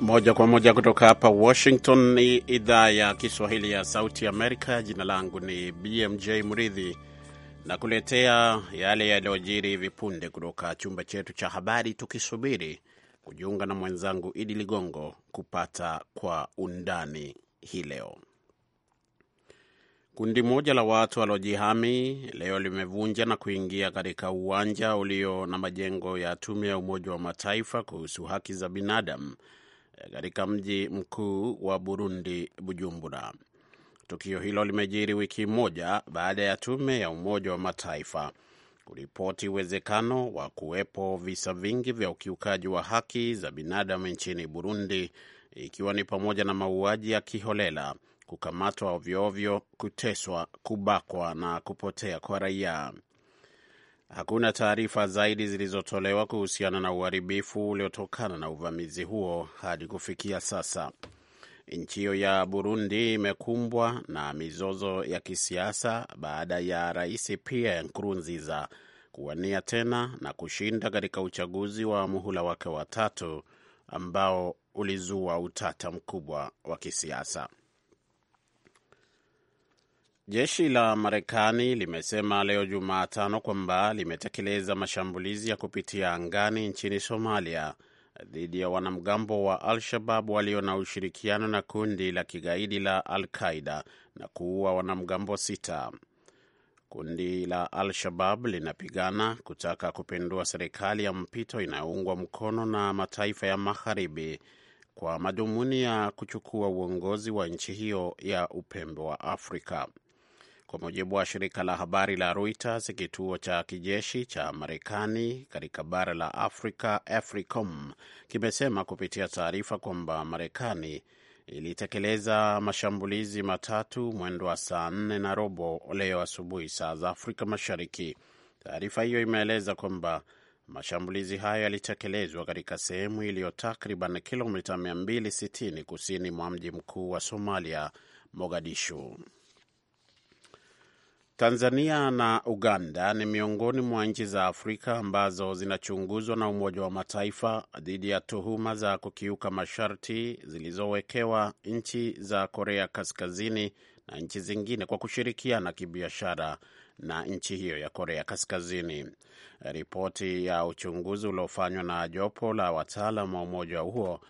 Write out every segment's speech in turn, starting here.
moja kwa moja kutoka hapa Washington. Ni idhaa ya Kiswahili ya Sauti Amerika. Jina langu ni BMJ Mridhi na kuletea yale yaliyojiri hivi punde kutoka chumba chetu cha habari, tukisubiri kujiunga na mwenzangu Idi Ligongo kupata kwa undani hii leo. Kundi moja la watu walojihami leo limevunja na kuingia katika uwanja ulio na majengo ya tume ya Umoja wa Mataifa kuhusu haki za binadamu eh, katika mji mkuu wa Burundi, Bujumbura. Tukio hilo limejiri wiki moja baada ya tume ya Umoja wa Mataifa kuripoti uwezekano wa kuwepo visa vingi vya ukiukaji wa haki za binadamu nchini Burundi, ikiwa ni pamoja na mauaji ya kiholela kukamatwa ovyoovyo, kuteswa, kubakwa na kupotea kwa raia. Hakuna taarifa zaidi zilizotolewa kuhusiana na uharibifu uliotokana na uvamizi huo hadi kufikia sasa. Nchi hiyo ya Burundi imekumbwa na mizozo ya kisiasa baada ya Rais Pierre Nkurunziza kuwania tena na kushinda katika uchaguzi wa muhula wake wa tatu ambao ulizua utata mkubwa wa kisiasa. Jeshi la Marekani limesema leo Jumatano kwamba limetekeleza mashambulizi ya kupitia angani nchini Somalia dhidi ya wanamgambo wa Al-Shabab walio na ushirikiano na kundi la kigaidi la Al-Qaida na kuua wanamgambo sita. Kundi la Al-Shabab linapigana kutaka kupindua serikali ya mpito inayoungwa mkono na mataifa ya Magharibi kwa madhumuni ya kuchukua uongozi wa nchi hiyo ya upembe wa Afrika. Kwa mujibu wa shirika la habari la Reuters, kituo cha kijeshi cha Marekani katika bara la Afrika, AFRICOM, kimesema kupitia taarifa kwamba Marekani ilitekeleza mashambulizi matatu mwendo wa saa nne na robo leo asubuhi saa za Afrika Mashariki. Taarifa hiyo imeeleza kwamba mashambulizi hayo yalitekelezwa katika sehemu iliyo takriban kilomita 260 kusini mwa mji mkuu wa Somalia, Mogadishu. Tanzania na Uganda ni miongoni mwa nchi za Afrika ambazo zinachunguzwa na Umoja wa Mataifa dhidi ya tuhuma za kukiuka masharti zilizowekewa nchi za Korea Kaskazini na nchi zingine kwa kushirikiana kibiashara na nchi hiyo ya Korea Kaskazini. Ripoti ya uchunguzi uliofanywa na jopo la wataalam wa umoja huo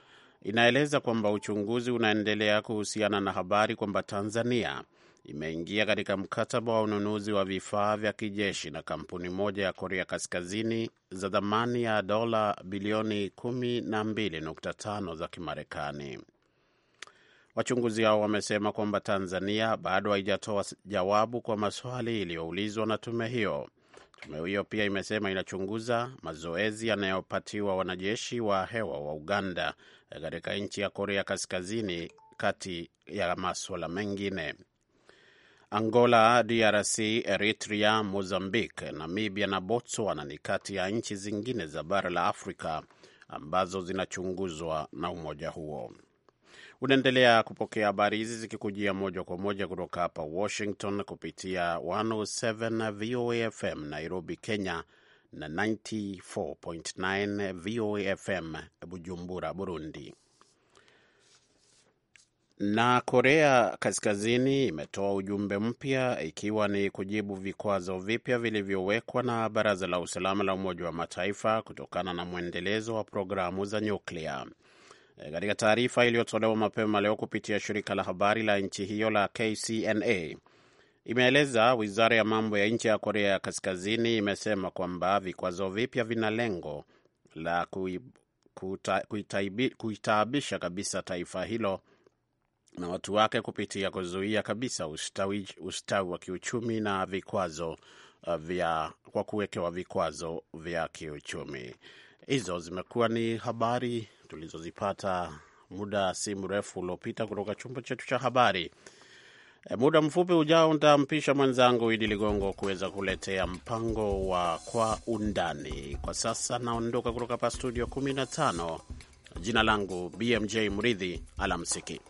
inaeleza kwamba uchunguzi unaendelea kuhusiana na habari kwamba Tanzania imeingia katika mkataba wa ununuzi wa vifaa vya kijeshi na kampuni moja ya Korea Kaskazini za thamani ya dola bilioni 12.5 za Kimarekani. Wachunguzi hao wamesema kwamba Tanzania bado haijatoa jawabu kwa maswali iliyoulizwa na tume hiyo. Tume hiyo pia imesema inachunguza mazoezi yanayopatiwa wanajeshi wa hewa wa Uganda katika nchi ya Korea Kaskazini, kati ya maswala mengine. Angola, DRC, Eritrea, Mozambique, Namibia na Botswana ni kati ya nchi zingine za bara la Afrika ambazo zinachunguzwa na umoja huo. Unaendelea kupokea habari hizi zikikujia moja kwa moja kutoka hapa Washington kupitia 107 VOA FM Nairobi, Kenya na 94.9 VOA FM Bujumbura, Burundi. Na Korea Kaskazini imetoa ujumbe mpya ikiwa ni kujibu vikwazo vipya vilivyowekwa na Baraza la Usalama la Umoja wa Mataifa kutokana na mwendelezo wa programu za nyuklia. E, katika taarifa iliyotolewa mapema leo kupitia shirika la habari la nchi hiyo la KCNA, imeeleza wizara ya mambo ya nje ya Korea ya Kaskazini imesema kwamba vikwazo vipya vina lengo la kuitaabisha kabisa taifa hilo na watu wake kupitia kuzuia kabisa ustawi, ustawi wa kiuchumi na vikwazo uh, vya kwa kuwekewa vikwazo vya kiuchumi. Hizo zimekuwa ni habari tulizozipata muda si mrefu uliopita kutoka chumba chetu cha habari. E, muda mfupi ujao ntampisha mwenzangu Idi Ligongo kuweza kuletea mpango wa kwa undani. Kwa sasa naondoka kutoka hapa studio 15. Jina langu BMJ Mridhi, alamsiki.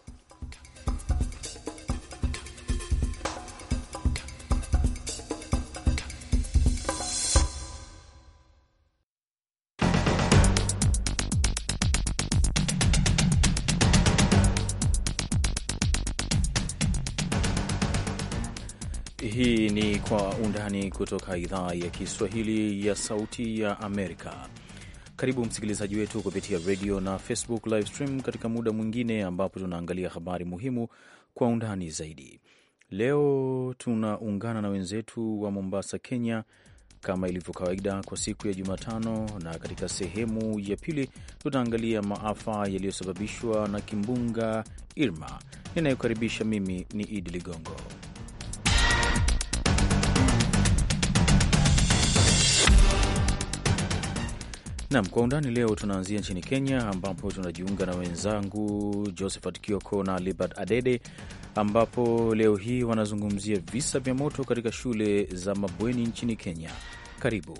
kutoka idhaa ya Kiswahili ya Sauti ya Amerika. Karibu msikilizaji wetu kupitia radio na Facebook live stream katika muda mwingine ambapo tunaangalia habari muhimu kwa undani zaidi. Leo tunaungana na wenzetu wa Mombasa, Kenya, kama ilivyo kawaida kwa siku ya Jumatano, na katika sehemu ya pili tutaangalia maafa yaliyosababishwa na kimbunga Irma. Ninayokaribisha mimi ni Idi Ligongo. Nam kwa undani leo tunaanzia nchini Kenya, ambapo tunajiunga na wenzangu Josephat Kioko na Libert Adede, ambapo leo hii wanazungumzia visa vya moto katika shule za mabweni nchini Kenya. Karibu.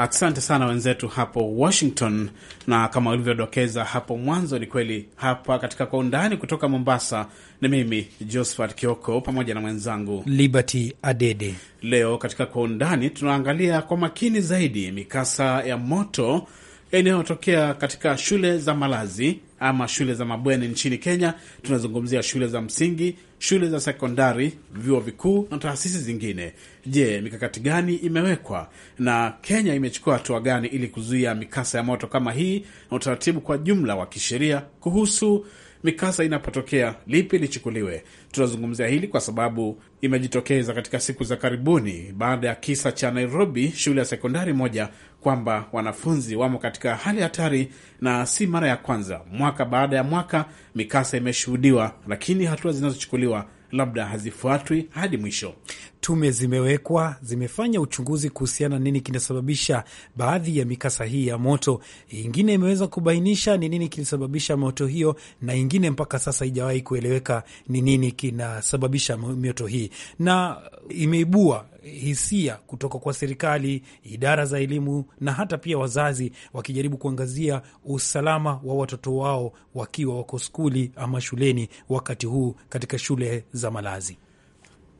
Asante sana wenzetu hapo Washington, na kama ulivyodokeza hapo mwanzo, ni kweli hapa katika kwa undani kutoka Mombasa ni mimi Josephat Kioko pamoja na mwenzangu Liberty Adede. Leo katika kwa undani tunaangalia kwa makini zaidi mikasa ya moto inayotokea katika shule za malazi ama shule za mabweni nchini Kenya. Tunazungumzia shule za msingi, shule za sekondari, vyuo vikuu na taasisi zingine. Je, mikakati gani imewekwa na Kenya imechukua hatua gani ili kuzuia mikasa ya moto kama hii, na utaratibu kwa jumla wa kisheria kuhusu mikasa inapotokea, lipi lichukuliwe? Tunazungumzia hili kwa sababu imejitokeza katika siku za karibuni baada ya kisa cha Nairobi, shule ya sekondari moja, kwamba wanafunzi wamo katika hali hatari, na si mara ya kwanza mwaka baada ya mwaka mikasa imeshuhudiwa, lakini hatua zinazochukuliwa labda hazifuatwi hadi mwisho tume zimewekwa, zimefanya uchunguzi kuhusiana nini kinasababisha baadhi ya mikasa hii ya moto. Ingine imeweza kubainisha ni nini kilisababisha moto hiyo, na ingine mpaka sasa haijawahi kueleweka ni nini kinasababisha mioto hii, na imeibua hisia kutoka kwa serikali, idara za elimu na hata pia wazazi, wakijaribu kuangazia usalama wa watoto wao wakiwa wako skuli ama shuleni, wakati huu katika shule za malazi.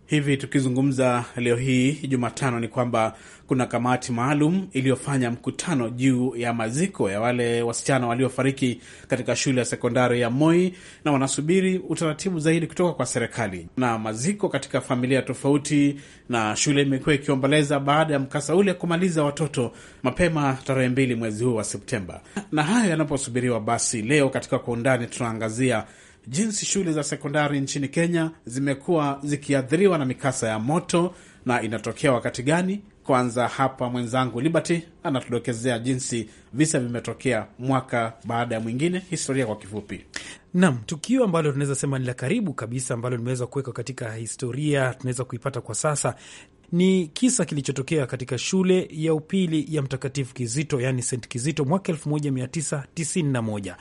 Hivi tukizungumza leo hii Jumatano ni kwamba kuna kamati maalum iliyofanya mkutano juu ya maziko ya wale wasichana waliofariki katika shule ya sekondari ya Moi, na wanasubiri utaratibu zaidi kutoka kwa serikali. Na maziko katika familia tofauti na shule imekuwa ikiomboleza baada ya mkasa ule kumaliza watoto mapema tarehe mbili mwezi huu wa Septemba. Na hayo yanaposubiriwa, basi leo katika kwa undani tunaangazia jinsi shule za sekondari nchini Kenya zimekuwa zikiathiriwa na mikasa ya moto na inatokea wakati gani? Kwanza hapa mwenzangu Liberty anatudokezea jinsi visa vimetokea mwaka baada ya mwingine, historia kwa kifupi. Naam, tukio ambalo tunaweza sema ni la karibu kabisa ambalo limeweza kuwekwa katika historia, tunaweza kuipata kwa sasa ni kisa kilichotokea katika shule ya upili ya Mtakatifu Kizito, yani St Kizito, mwaka 1991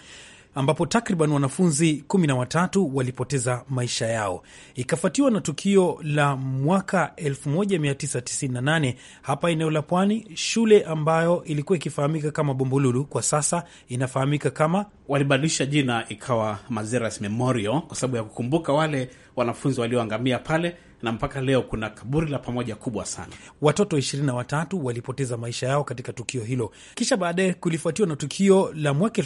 ambapo takriban wanafunzi 13 walipoteza maisha yao, ikafuatiwa na tukio la mwaka 1998 hapa eneo la Pwani, shule ambayo ilikuwa ikifahamika kama Bombolulu kwa sasa inafahamika kama, walibadilisha jina ikawa Mazeras Memorial kwa sababu ya kukumbuka wale wanafunzi walioangamia pale na mpaka leo kuna kaburi la pamoja kubwa sana. Watoto ishirini na watatu walipoteza maisha yao katika tukio hilo, kisha baadaye kulifuatiwa na tukio la mwaka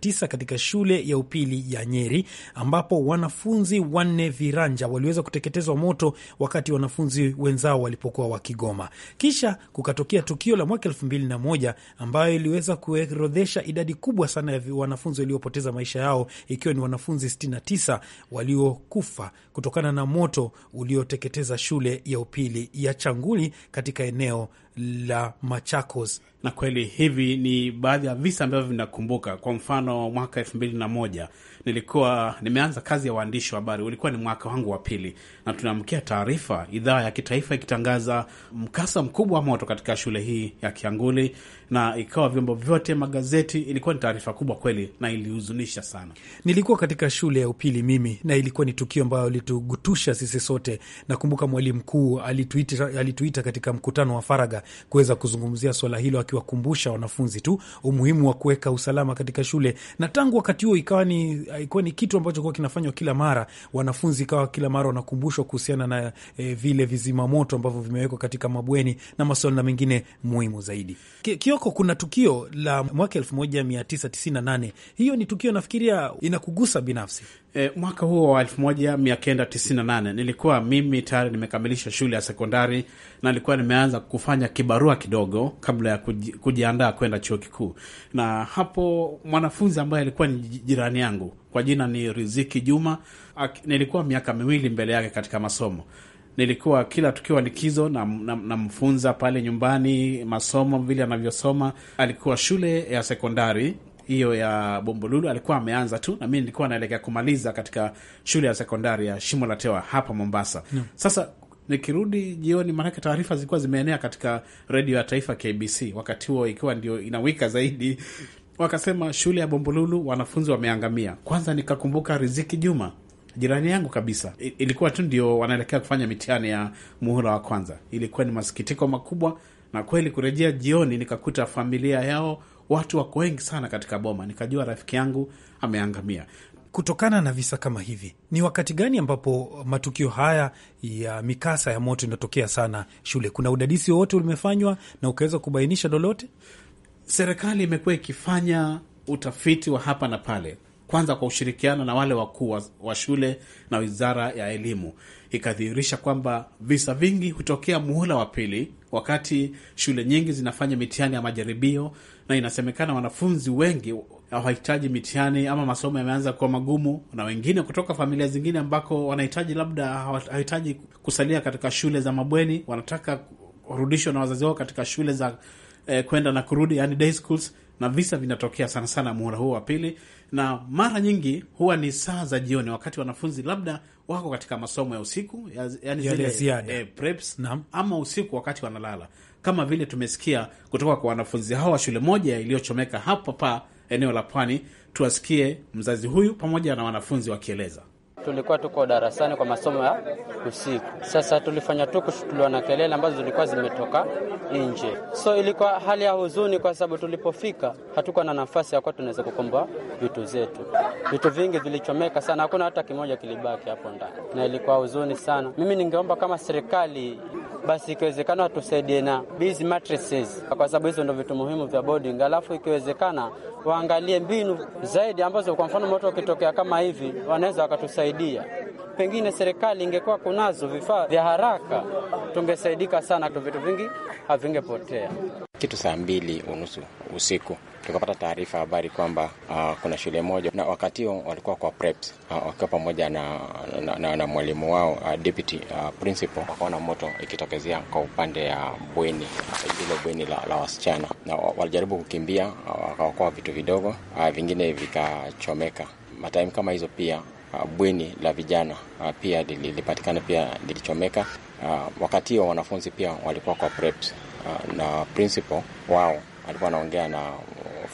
tisa katika shule ya upili ya Nyeri ambapo wanafunzi wanne viranja waliweza kuteketezwa moto wakati wanafunzi wenzao walipokuwa wakigoma. Kisha kukatokea tukio la mwaka moja ambayo iliweza kuorodhesha idadi kubwa sana ya wanafunzi waliopoteza maisha yao ikiwa ni wanafunzi 69 waliokufa kutokana na moto ulioteketeza shule ya upili ya Changuli katika eneo la Machakos. Na kweli hivi ni baadhi ya visa ambavyo vinakumbuka. Kwa mfano mwaka elfu mbili na moja nilikuwa nimeanza kazi ya waandishi wa habari, ulikuwa ni mwaka wangu wa pili, na tunaamkia taarifa, idhaa ya kitaifa ikitangaza mkasa mkubwa wa moto katika shule hii ya Kianguli, na ikawa vyombo vyote, magazeti, ilikuwa ni taarifa kubwa kweli na ilihuzunisha sana. Nilikuwa katika shule ya upili mimi, na ilikuwa ni tukio ambayo litugutusha sisi sote. Nakumbuka mwalimu mkuu alituita, alituita katika mkutano wa faraga kuweza kuzungumzia swala hilo, akiwakumbusha wanafunzi tu umuhimu wa kuweka usalama katika shule. Na tangu wakati huo ikawa ni, ikawa ni kitu ambacho kuwa kinafanywa kila mara, wanafunzi ikawa kila mara wanakumbushwa kuhusiana na e, vile vizima moto ambavyo vimewekwa katika mabweni na masuala mengine muhimu zaidi. Kioko, kuna tukio la mwaka elfu moja mia tisa tisini na nane. hiyo ni tukio nafikiria inakugusa binafsi. E, mwaka huo wa elfu moja mia kenda tisini na nane nilikuwa mimi tayari nimekamilisha shule ya sekondari na nilikuwa nimeanza kufanya kibarua kidogo kabla ya kujiandaa kwenda chuo kikuu, na hapo mwanafunzi ambaye alikuwa ni jirani yangu kwa jina ni Riziki Juma, nilikuwa miaka miwili mbele yake katika masomo nilikuwa kila tukiwa likizo namfunza na, na pale nyumbani masomo vile anavyosoma. Alikuwa shule ya sekondari hiyo ya Bombolulu, alikuwa ameanza tu, na mi nilikuwa naelekea kumaliza katika shule ya sekondari ya Shimo la Tewa hapa Mombasa. No. Sasa nikirudi jioni, maanake taarifa zilikuwa zimeenea katika redio ya taifa KBC, wakati huo ikiwa ndio inawika zaidi. Wakasema shule ya Bombolulu wanafunzi wameangamia. Kwanza nikakumbuka Riziki Juma, jirani yangu kabisa, ilikuwa tu ndio wanaelekea kufanya mitihani ya muhula wa kwanza. Ilikuwa ni masikitiko makubwa, na kweli kurejea jioni nikakuta familia yao watu wako wengi sana katika boma, nikajua rafiki yangu ameangamia kutokana na visa kama hivi, ni wakati gani ambapo matukio haya ya mikasa ya moto inatokea sana shule? Kuna udadisi wowote ulimefanywa na ukaweza kubainisha lolote? Serikali imekuwa ikifanya utafiti wa hapa na pale, kwanza kwa ushirikiano na wale wakuu wa, wa shule na wizara ya elimu, ikadhihirisha kwamba visa vingi hutokea muhula wa pili, wakati shule nyingi zinafanya mitihani ya majaribio na inasemekana wanafunzi wengi hawahitaji mitihani ama masomo yameanza kuwa magumu, na wengine kutoka familia zingine ambako wanahitaji labda hawahitaji kusalia katika shule za mabweni, wanataka kurudishwa na wazazi wao katika shule za eh, kwenda na kurudi, yani day schools, na visa vinatokea sana sana muhula huu wa pili, na mara nyingi huwa ni saa za jioni, wakati wanafunzi labda wako katika masomo ya usiku, yani zile, eh, preps, ama usiku wakati wanalala kama vile tumesikia kutoka kwa wanafunzi hao wa shule moja iliyochomeka hapa pa eneo la Pwani. Tuwasikie mzazi huyu pamoja na wanafunzi wakieleza. Tulikuwa tuko darasani kwa masomo ya usiku. Sasa tulifanya tu kushutuliwa na kelele ambazo zilikuwa zimetoka nje, so ilikuwa hali ya huzuni, kwa sababu tulipofika hatukuwa na nafasi ya kuwa tunaweza kukomboa vitu zetu. Vitu vingi vilichomeka sana, hakuna hata kimoja kilibaki hapo ndani, na ilikuwa huzuni sana. Mimi ningeomba kama serikali basi ikiwezekana watusaidie na base mattresses, kwa sababu hizo ndo vitu muhimu vya boarding. Alafu ikiwezekana waangalie mbinu zaidi ambazo, kwa mfano moto ukitokea kama hivi, wanaweza wakatusaidia pengine serikali ingekuwa kunazo vifaa vya haraka, tungesaidika sana tu, vitu vingi havingepotea. Kitu saa mbili unusu usiku tukapata taarifa habari kwamba uh, kuna shule moja na wakati huo walikuwa kwa preps uh, wakiwa pamoja na, na, na, na mwalimu wao uh, deputy uh, principal wakaona moto ikitokezea kwa upande ya bweni hilo uh, bweni la, la wasichana na walijaribu kukimbia uh, wakaokoa vitu vidogo uh, vingine vikachomeka. Mataimu kama hizo pia Uh, bweni la vijana uh, pia lilipatikana pia lilichomeka. Uh, wakati wa wanafunzi pia walikuwa kwa preps, na principal wao alikuwa anaongea na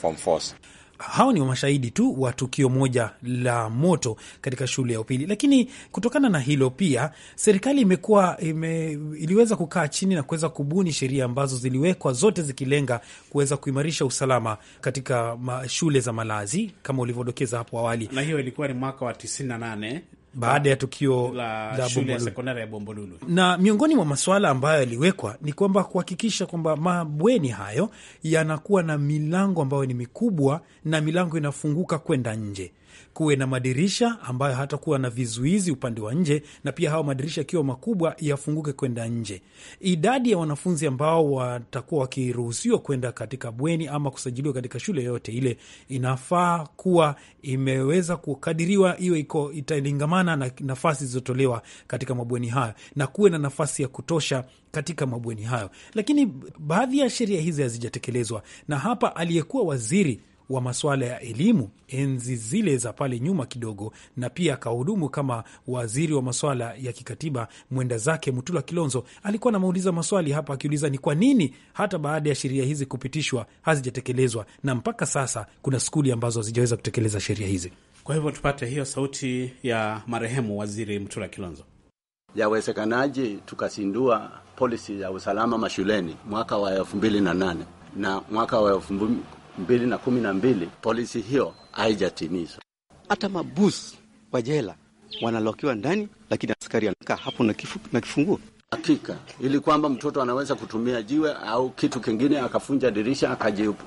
form force hawa ni mashahidi tu wa tukio moja la moto katika shule ya upili, lakini kutokana na hilo pia serikali imekuwa ime, iliweza kukaa chini na kuweza kubuni sheria ambazo ziliwekwa zote zikilenga kuweza kuimarisha usalama katika shule za malazi kama ulivyodokeza hapo awali, na hiyo ilikuwa ni mwaka wa 98 baada ya tukio la, la shule ya sekondari ya Bombolulu. Na miongoni mwa masuala ambayo yaliwekwa ni kwamba kuhakikisha kwamba mabweni hayo yanakuwa na milango ambayo ni mikubwa na milango inafunguka kwenda nje kuwe na madirisha ambayo hatakuwa na vizuizi upande wa nje, na pia hawa madirisha yakiwa makubwa yafunguke kwenda nje. Idadi ya wanafunzi ambao watakuwa wakiruhusiwa kwenda katika bweni ama kusajiliwa katika shule yoyote ile inafaa kuwa imeweza kukadiriwa, iwe iko italingamana na nafasi zilizotolewa katika mabweni hayo, na kuwe na nafasi ya kutosha katika mabweni hayo, lakini baadhi ya sheria hizi hazijatekelezwa, na hapa aliyekuwa waziri wa masuala ya elimu enzi zile za pale nyuma kidogo, na pia akahudumu kama waziri wa masuala ya kikatiba. Mwenda zake Mutula Kilonzo alikuwa anamuuliza maswali hapa, akiuliza ni kwa nini hata baada ya sheria hizi kupitishwa hazijatekelezwa, na mpaka sasa kuna skuli ambazo hazijaweza kutekeleza sheria hizi. Kwa hivyo tupate hiyo sauti ya marehemu waziri mtula Kilonzo. Yawezekanaje tukasindua polisi ya usalama mashuleni mwaka wa elfu mbili na nane na mwaka wa elfu mbili na kumi na mbili polisi hiyo haijatimizwa. Hata mabus wa jela wanalokiwa ndani, lakini askari anakaa hapo na, kifu, na kifunguo hakika, ili kwamba mtoto anaweza kutumia jiwe au kitu kingine akafunja dirisha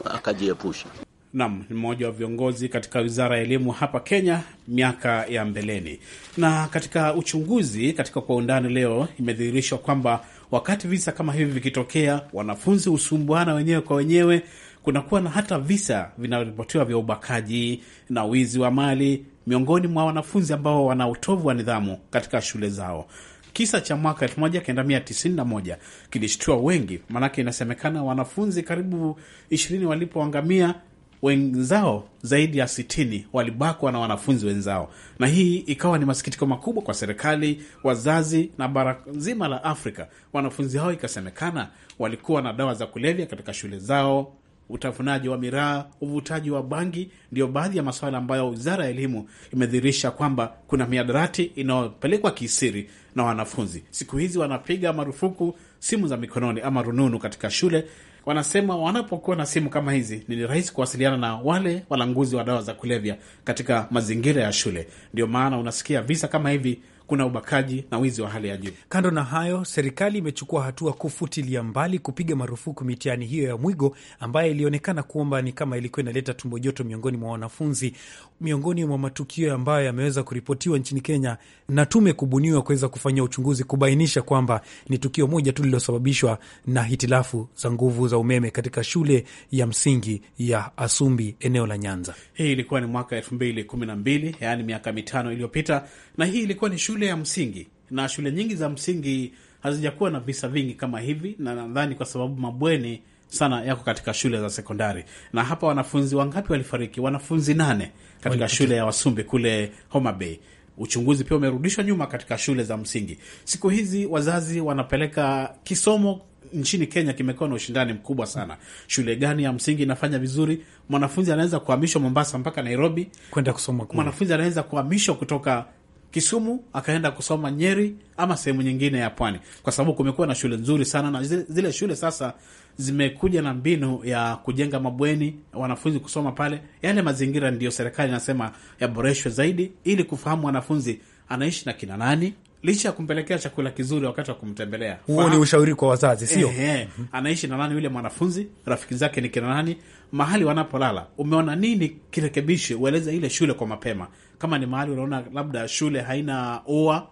akajiepusha. Nam ni mmoja wa viongozi katika wizara ya elimu hapa Kenya miaka ya mbeleni. Na katika uchunguzi katika kwa undani leo imedhihirishwa kwamba wakati visa kama hivi vikitokea, wanafunzi husumbwana wenyewe kwa wenyewe kunakuwa na hata visa vinaripotiwa vya ubakaji na wizi wa mali miongoni mwa wanafunzi ambao wana utovu wa nidhamu katika shule zao. Kisa cha mwaka 1991 kilishtua wengi, maanake inasemekana wanafunzi karibu 20 walipoangamia wenzao zaidi ya 60 walibakwa na wanafunzi wenzao, na hii ikawa ni masikitiko makubwa kwa serikali, wazazi na bara zima la Afrika. Wanafunzi hao ikasemekana walikuwa na dawa za kulevya katika shule zao, utafunaji wa miraa, uvutaji wa bangi, ndio baadhi ya masuala ambayo wizara ya elimu imedhihirisha kwamba kuna miadarati inayopelekwa kisiri na wanafunzi. Siku hizi wanapiga marufuku simu za mikononi ama rununu katika shule. Wanasema wanapokuwa na simu kama hizi ni rahisi kuwasiliana na wale walanguzi wa dawa za kulevya katika mazingira ya shule. Ndio maana unasikia visa kama hivi kuna ubakaji na wizi wa hali ya juu. Kando na hayo, serikali imechukua hatua kufutilia mbali kupiga marufuku mitihani hiyo ya mwigo ambayo ilionekana kwamba ni kama ilikuwa inaleta tumbo joto miongoni mwa wanafunzi. Miongoni mwa matukio ambayo yameweza kuripotiwa nchini Kenya na tume kubuniwa kuweza kufanyia uchunguzi kubainisha kwamba ni tukio moja tu lililosababishwa na hitilafu za nguvu za umeme katika shule ya msingi ya Asumbi eneo la Nyanza. Hii ilikuwa ni mwaka elfu mbili kumi na mbili yaani miaka mitano iliyopita, na hii ilikuwa ni shule shule ya msingi, na shule nyingi za msingi hazijakuwa na visa vingi kama hivi, na nadhani kwa sababu mabweni sana yako katika shule za sekondari. Na hapa wanafunzi wangapi walifariki? Wanafunzi nane katika Wali shule ya Wasumbi kule Homa Bay. Uchunguzi pia umerudishwa nyuma katika shule za msingi. Siku hizi wazazi wanapeleka kisomo nchini Kenya kimekuwa na ushindani mkubwa sana. Shule gani ya msingi inafanya vizuri? Mwanafunzi anaweza kuhamishwa Mombasa mpaka Nairobi kwenda kusoma kule. Mwanafunzi anaweza kuhamishwa kutoka Kisumu, akaenda kusoma Nyeri ama sehemu nyingine ya pwani, kwa sababu kumekuwa na shule nzuri sana, na zile shule sasa zimekuja na mbinu ya kujenga mabweni, wanafunzi kusoma pale. Yale mazingira ndiyo serikali inasema yaboreshwe zaidi, ili kufahamu wanafunzi anaishi na kina nani, licha ya kumpelekea chakula kizuri wakati wa kumtembelea. Huo ni ushauri kwa wazazi, sio eh, eh, anaishi na nani yule mwanafunzi, rafiki zake ni kina nani, mahali wanapolala. Umeona nini, kirekebishe, ueleze ile shule kwa mapema, kama ni mahali unaona labda shule haina ua,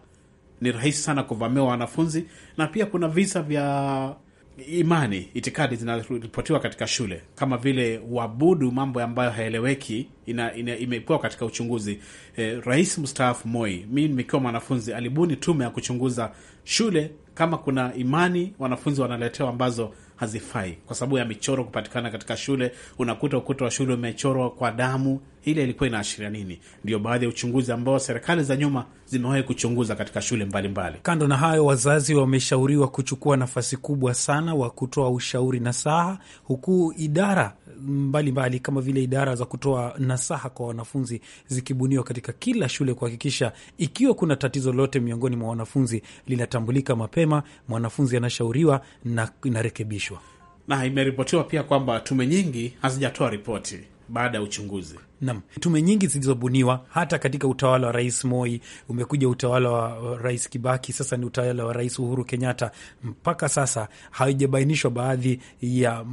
ni rahisi sana kuvamiwa wanafunzi, na pia kuna visa vya imani, itikadi zinaripotiwa katika shule kama vile uabudu, mambo ambayo haeleweki, imekuwa katika uchunguzi. E, Rais mstaafu Moi, mi nikiwa mwanafunzi, alibuni tume ya kuchunguza shule kama kuna imani wanafunzi wanaletewa ambazo hazifai, kwa sababu ya michoro kupatikana katika shule. Unakuta ukuta wa shule umechorwa kwa damu ile ilikuwa inaashiria nini? Ndio baadhi ya uchunguzi ambao serikali za nyuma zimewahi kuchunguza katika shule mbalimbali mbali. Kando na hayo, wazazi wameshauriwa kuchukua nafasi kubwa sana wa kutoa ushauri nasaha, huku idara mbalimbali mbali, kama vile idara za kutoa nasaha kwa wanafunzi zikibuniwa katika kila shule kuhakikisha ikiwa kuna tatizo lolote miongoni mwa wanafunzi linatambulika mapema, mwanafunzi anashauriwa na inarekebishwa. Na imeripotiwa pia kwamba tume nyingi hazijatoa ripoti baada ya uchunguzi. Nam, tume nyingi zilizobuniwa hata katika utawala wa Rais Moi, umekuja utawala wa Rais Kibaki, sasa ni utawala wa Rais Uhuru Kenyatta. Mpaka sasa haijabainishwa baadhi ya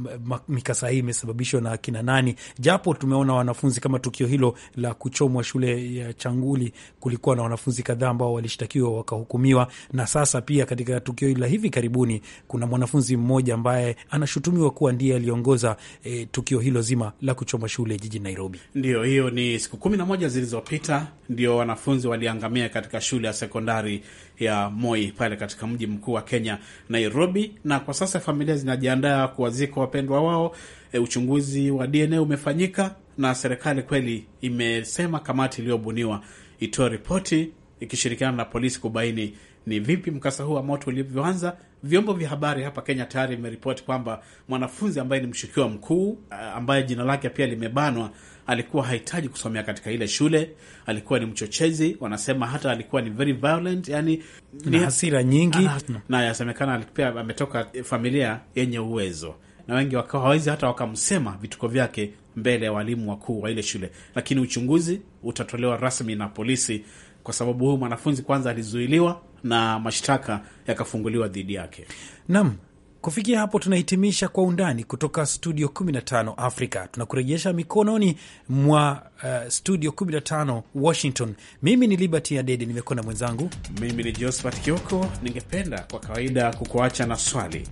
mikasa hii imesababishwa na kina nani, japo tumeona wanafunzi kama tukio hilo la kuchomwa shule ya Changuli, kulikuwa na wanafunzi kadhaa ambao walishtakiwa wakahukumiwa, na sasa pia katika tukio hilo la hivi karibuni kuna mwanafunzi mmoja ambaye anashutumiwa kuwa ndiye aliongoza eh, tukio hilo zima la kuchoma shule jijini Nairobi. Ndiyo ndio hiyo ni siku kumi na moja zilizopita ndio wanafunzi waliangamia katika shule ya sekondari ya Moi pale katika mji mkuu wa Kenya, Nairobi, na kwa sasa familia zinajiandaa kuwazika wapendwa wao. E, uchunguzi wa DNA umefanyika na serikali kweli imesema kamati iliyobuniwa itoe ripoti ikishirikiana na polisi kubaini ni vipi mkasa huu wa moto ulivyoanza Vyombo vya habari hapa Kenya tayari vimeripoti kwamba mwanafunzi ambaye ni mshukiwa mkuu eh, ambaye jina lake pia limebanwa alikuwa hahitaji kusomea katika ile shule, alikuwa ni mchochezi, wanasema hata alikuwa ni very violent, yani ni hasira nyingi, ah, na yasemekana pia ametoka familia yenye uwezo, na wengi wakawa hawezi hata wakamsema vituko vyake mbele ya walimu wakuu wa ile shule, lakini uchunguzi utatolewa rasmi na polisi kwa sababu huyu mwanafunzi kwanza alizuiliwa na mashtaka yakafunguliwa dhidi yake. Naam. Kufikia hapo tunahitimisha Kwa Undani kutoka studio 15 Afrika. Tunakurejesha mikononi mwa uh, studio 15 Washington. Mimi ni Liberty Adede, nimekuwa na mwenzangu, mimi ni Josephat Kioko. Ningependa kwa kawaida kukuacha na swali: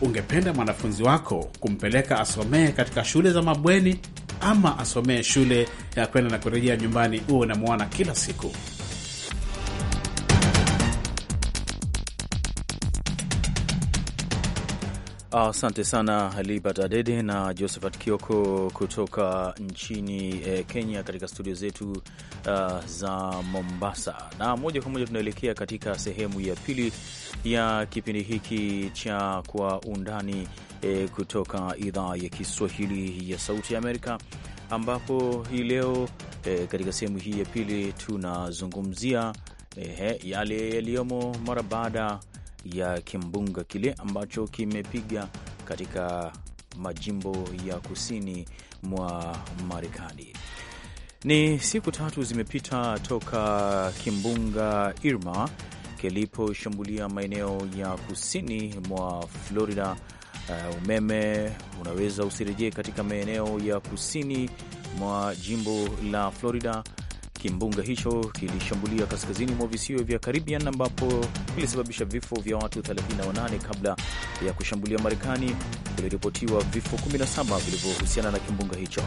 ungependa mwanafunzi wako kumpeleka asomee katika shule za mabweni ama asomee shule ya kwenda na kurejea nyumbani, huo unamwona kila siku? Asante sana Libert Adede na Josephat Kioko kutoka nchini eh, Kenya, katika studio zetu uh, za Mombasa. Na moja kwa moja tunaelekea katika sehemu ya pili ya kipindi hiki cha Kwa Undani eh, kutoka idhaa ya Kiswahili ya Sauti ya Amerika, ambapo hii leo eh, katika sehemu hii ya pili tunazungumzia eh, yale yaliyomo mara baada ya kimbunga kile ambacho kimepiga katika majimbo ya kusini mwa Marekani. Ni siku tatu zimepita toka kimbunga Irma kiliposhambulia maeneo ya kusini mwa Florida. Uh, umeme unaweza usirejee katika maeneo ya kusini mwa jimbo la Florida Kimbunga hicho kilishambulia kaskazini mwa visiwa vya Caribbean ambapo kilisababisha vifo vya watu 38 kabla ya kushambulia Marekani. Kuliripotiwa vifo 17 vilivyohusiana na kimbunga hicho.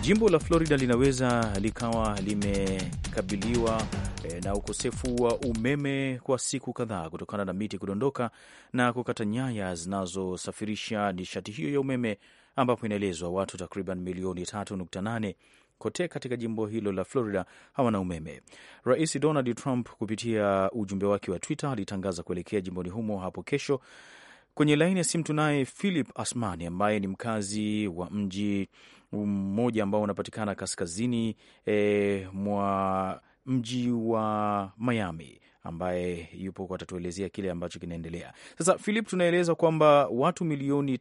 Jimbo la Florida linaweza likawa limekabiliwa e, na ukosefu wa umeme kwa siku kadhaa kutokana na miti kudondoka na kukata nyaya zinazosafirisha nishati hiyo ya umeme ambapo inaelezwa watu takriban milioni 3.8 kote katika jimbo hilo la Florida hawana umeme. Rais Donald Trump kupitia ujumbe wake wa Twitter alitangaza kuelekea jimboni humo hapo kesho. Kwenye laini ya simu tunaye Philip Asmani ambaye ni mkazi wa mji mmoja ambao unapatikana kaskazini e, mwa mji wa Miami ambaye yupo kwa atatuelezea kile ambacho kinaendelea sasa. Philip, tunaeleza kwamba watu milioni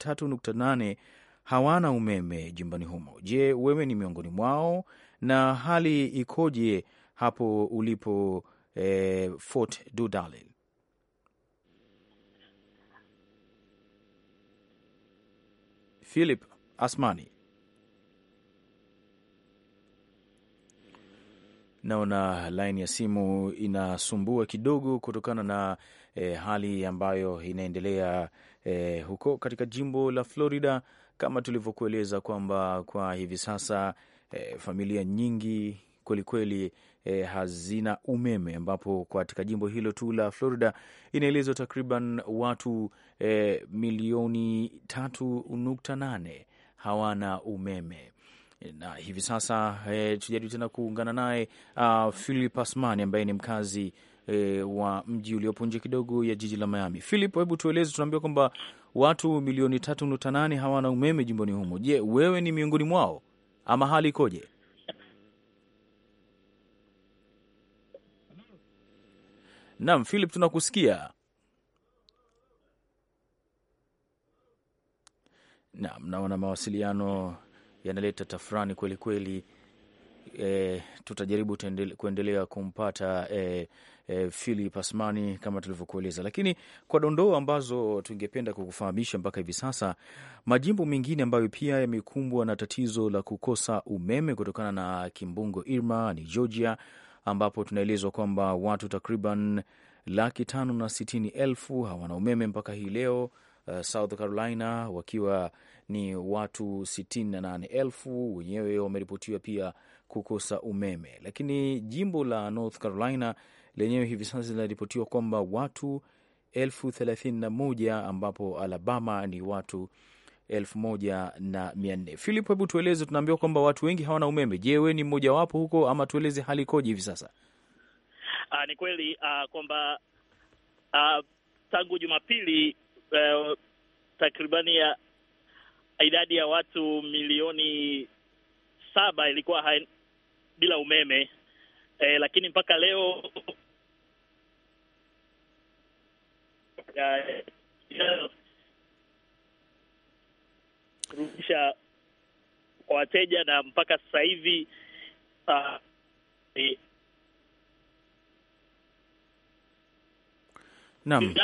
nane hawana umeme jumbani humo. Je, wewe ni miongoni mwao na hali ikoje hapo ulipo eh, Fort Lauderdale? Philip Asmani, naona laini ya simu inasumbua kidogo kutokana na eh, hali ambayo inaendelea eh, huko katika jimbo la Florida kama tulivyokueleza kwamba kwa hivi sasa e, familia nyingi kwelikweli e, eh, hazina umeme, ambapo katika jimbo hilo tu la Florida inaelezwa takriban watu e, milioni tatu nukta nane hawana umeme na hivi sasa e, tujaribu tena kuungana naye uh, Philip Asmani ambaye ni mkazi e, wa mji uliopo nje kidogo ya jiji la Miami. Philip, hebu tueleze, tunaambia kwamba watu milioni tatu nukta nane hawana umeme jimboni humo. Je, wewe ni miongoni mwao ama hali ikoje? Naam, Philip, tunakusikia. Naam, naona mawasiliano yanaleta tafurani kweli kweli e, tutajaribu tendele, kuendelea kumpata e, e, Philip Asmani kama tulivyokueleza, lakini kwa dondoo ambazo tungependa kukufahamisha mpaka hivi sasa, majimbo mengine ambayo pia yamekumbwa na tatizo la kukosa umeme kutokana na kimbungo Irma ni Georgia, ambapo tunaelezwa kwamba watu takriban laki tano na sitini elfu hawana umeme mpaka hii leo. Uh, South Carolina wakiwa ni watu sitini na nane elfu wenyewe wameripotiwa pia kukosa umeme. Lakini jimbo la North Carolina lenyewe hivi sasa linaripotiwa kwamba watu elfu thelathini na moja ambapo Alabama ni watu elfu moja na mia nne. Philip, hebu tueleze, tunaambiwa kwamba watu wengi hawana umeme. Je, wewe ni mmojawapo huko ama tueleze hali ikoje hivi sasa? Uh, ni kweli ah, kwamba ah, tangu Jumapili uh, takribani ya idadi ya watu milioni saba ilikuwa bila umeme eh, lakini mpaka leo kurudisha kwa wateja na mpaka sasa hivi uh, Naam,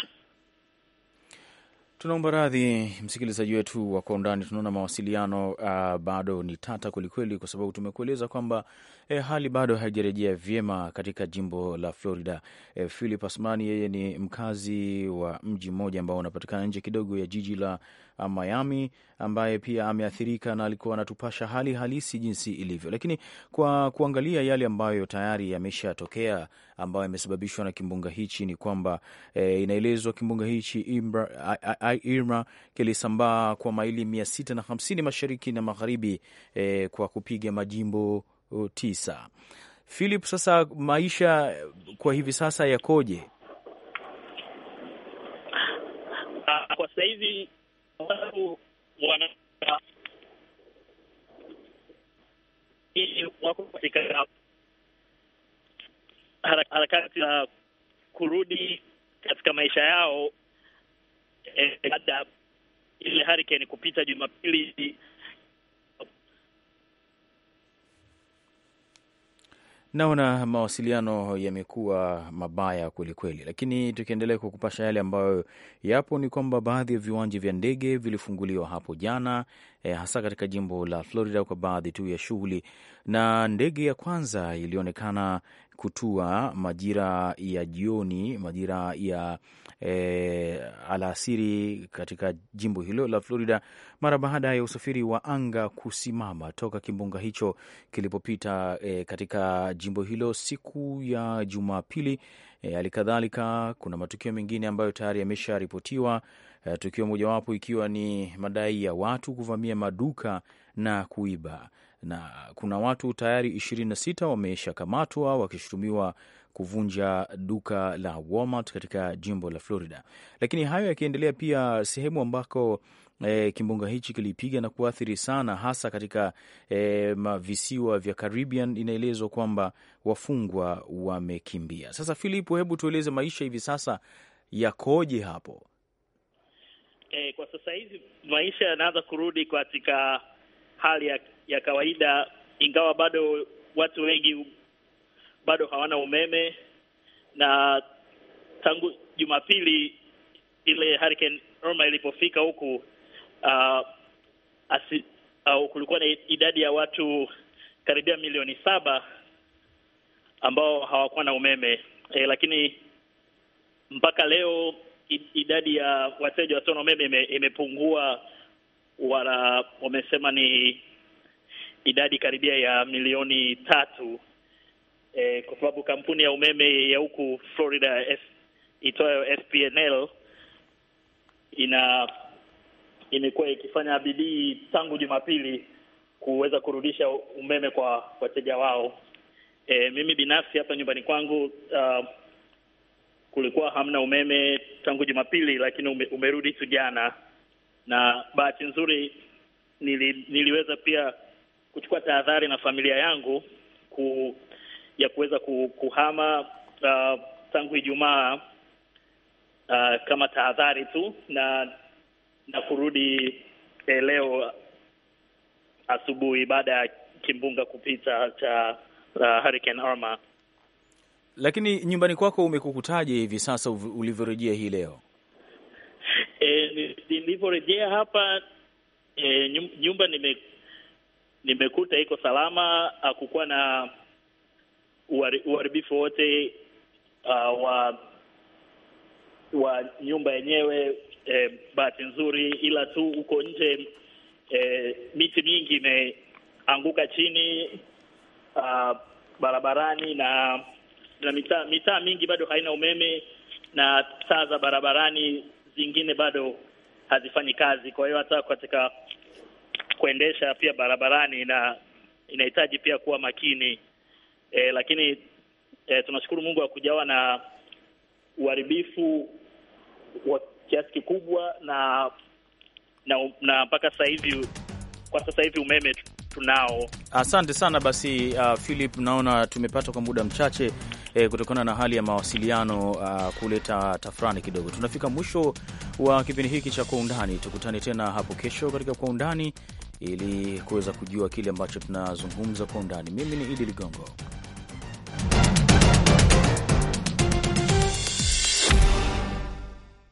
tunaomba radhi msikilizaji wetu wa Kwa Undani. Tunaona mawasiliano uh, bado ni tata kwelikweli, kwa sababu tumekueleza kwamba E, hali bado haijarejea vyema katika jimbo la Florida. E, Philip Asmani yeye ni mkazi wa mji mmoja ambao unapatikana nje kidogo ya jiji la ah, Miami ambaye pia ameathirika na alikuwa anatupasha hali halisi jinsi ilivyo, lakini kwa kuangalia yale ambayo tayari yameshatokea ambayo yamesababishwa na kimbunga hichi ni kwamba e, inaelezwa kimbunga hichi Irma kilisambaa kwa maili hamsini mashariki na magharibi e, kwa kupiga majimbo tisa. Philip, sasa maisha kwa hivi sasa yakoje? Ah, kwa sasa hivi watu wana wako katika harakati za kurudi katika maisha yao eh, baada ile hurricane kupita Jumapili. Naona mawasiliano yamekuwa mabaya kwelikweli, lakini tukiendelea kwa kupasha yale ambayo yapo ni kwamba baadhi ya viwanja vya ndege vilifunguliwa hapo jana e, hasa katika jimbo la Florida kwa baadhi tu ya shughuli, na ndege ya kwanza ilionekana kutua majira ya jioni, majira ya e, alasiri katika jimbo hilo la Florida mara baada ya usafiri wa anga kusimama toka kimbunga hicho kilipopita e, katika jimbo hilo siku ya Jumapili. Eh, Halikadhalika e, kuna matukio mengine ambayo tayari yamesharipotiwa e, tukio mojawapo ikiwa ni madai ya watu kuvamia maduka na kuiba na kuna watu tayari 26 wameshakamatwa wakishutumiwa kuvunja duka la Walmart katika jimbo la Florida. Lakini hayo yakiendelea, pia sehemu ambako e, kimbunga hichi kilipiga na kuathiri sana hasa katika e, eh, visiwa vya Caribbean, inaelezwa kwamba wafungwa wamekimbia. Sasa Filipo, hebu tueleze maisha hivi sasa yakoje hapo? E, kwa sasa hivi maisha yanaanza kurudi katika hali ya, ya kawaida, ingawa bado watu wengi bado hawana umeme, na tangu Jumapili ile Hurricane Irma ilipofika huku uh, asi, uh, kulikuwa na idadi ya watu karibia milioni saba ambao hawakuwa na umeme e, lakini mpaka leo idadi ya wateja wasio na umeme imepungua wala wamesema ni idadi karibia ya milioni tatu e, kwa sababu kampuni ya umeme ya huku Florida itoayo SPNL ina imekuwa ikifanya bidii tangu Jumapili kuweza kurudisha umeme kwa wateja wao. E, mimi binafsi hapa nyumbani kwangu uh, kulikuwa hamna umeme tangu Jumapili, lakini ume, umerudi tu jana na bahati nzuri nili, niliweza pia kuchukua tahadhari na familia yangu ku, ya kuweza kuhama uh, tangu Ijumaa uh, kama tahadhari tu na na kurudi eh, leo asubuhi baada ya kimbunga kupita cha uh, Hurricane Irma. Lakini nyumbani kwako umekukutaje hivi sasa ulivyorejea hii leo? E, nilivyorejea hapa e, nyumba nime, nimekuta iko salama, hakukuwa na uharibifu wote uh, wa wa nyumba yenyewe e, bahati nzuri, ila tu huko nje e, miti mingi imeanguka chini uh, barabarani na na mitaa mitaa mingi bado haina umeme na taa za barabarani zingine bado hazifanyi kazi. Kwa hiyo hata katika kuendesha pia barabarani ina inahitaji pia kuwa makini e, lakini e, tunashukuru Mungu hakujawa na uharibifu wa kiasi kikubwa na na na mpaka sasa hivi kwa sasa hivi umeme tunao. Asante sana basi, uh, Philip, naona tumepata kwa muda mchache e, kutokana na hali ya mawasiliano uh, kuleta tafrani kidogo. Tunafika mwisho wa kipindi hiki cha Kwa Undani. Tukutane tena hapo kesho katika Kwa Undani ili kuweza kujua kile ambacho tunazungumza kwa undani. Mimi ni Idi Ligongo.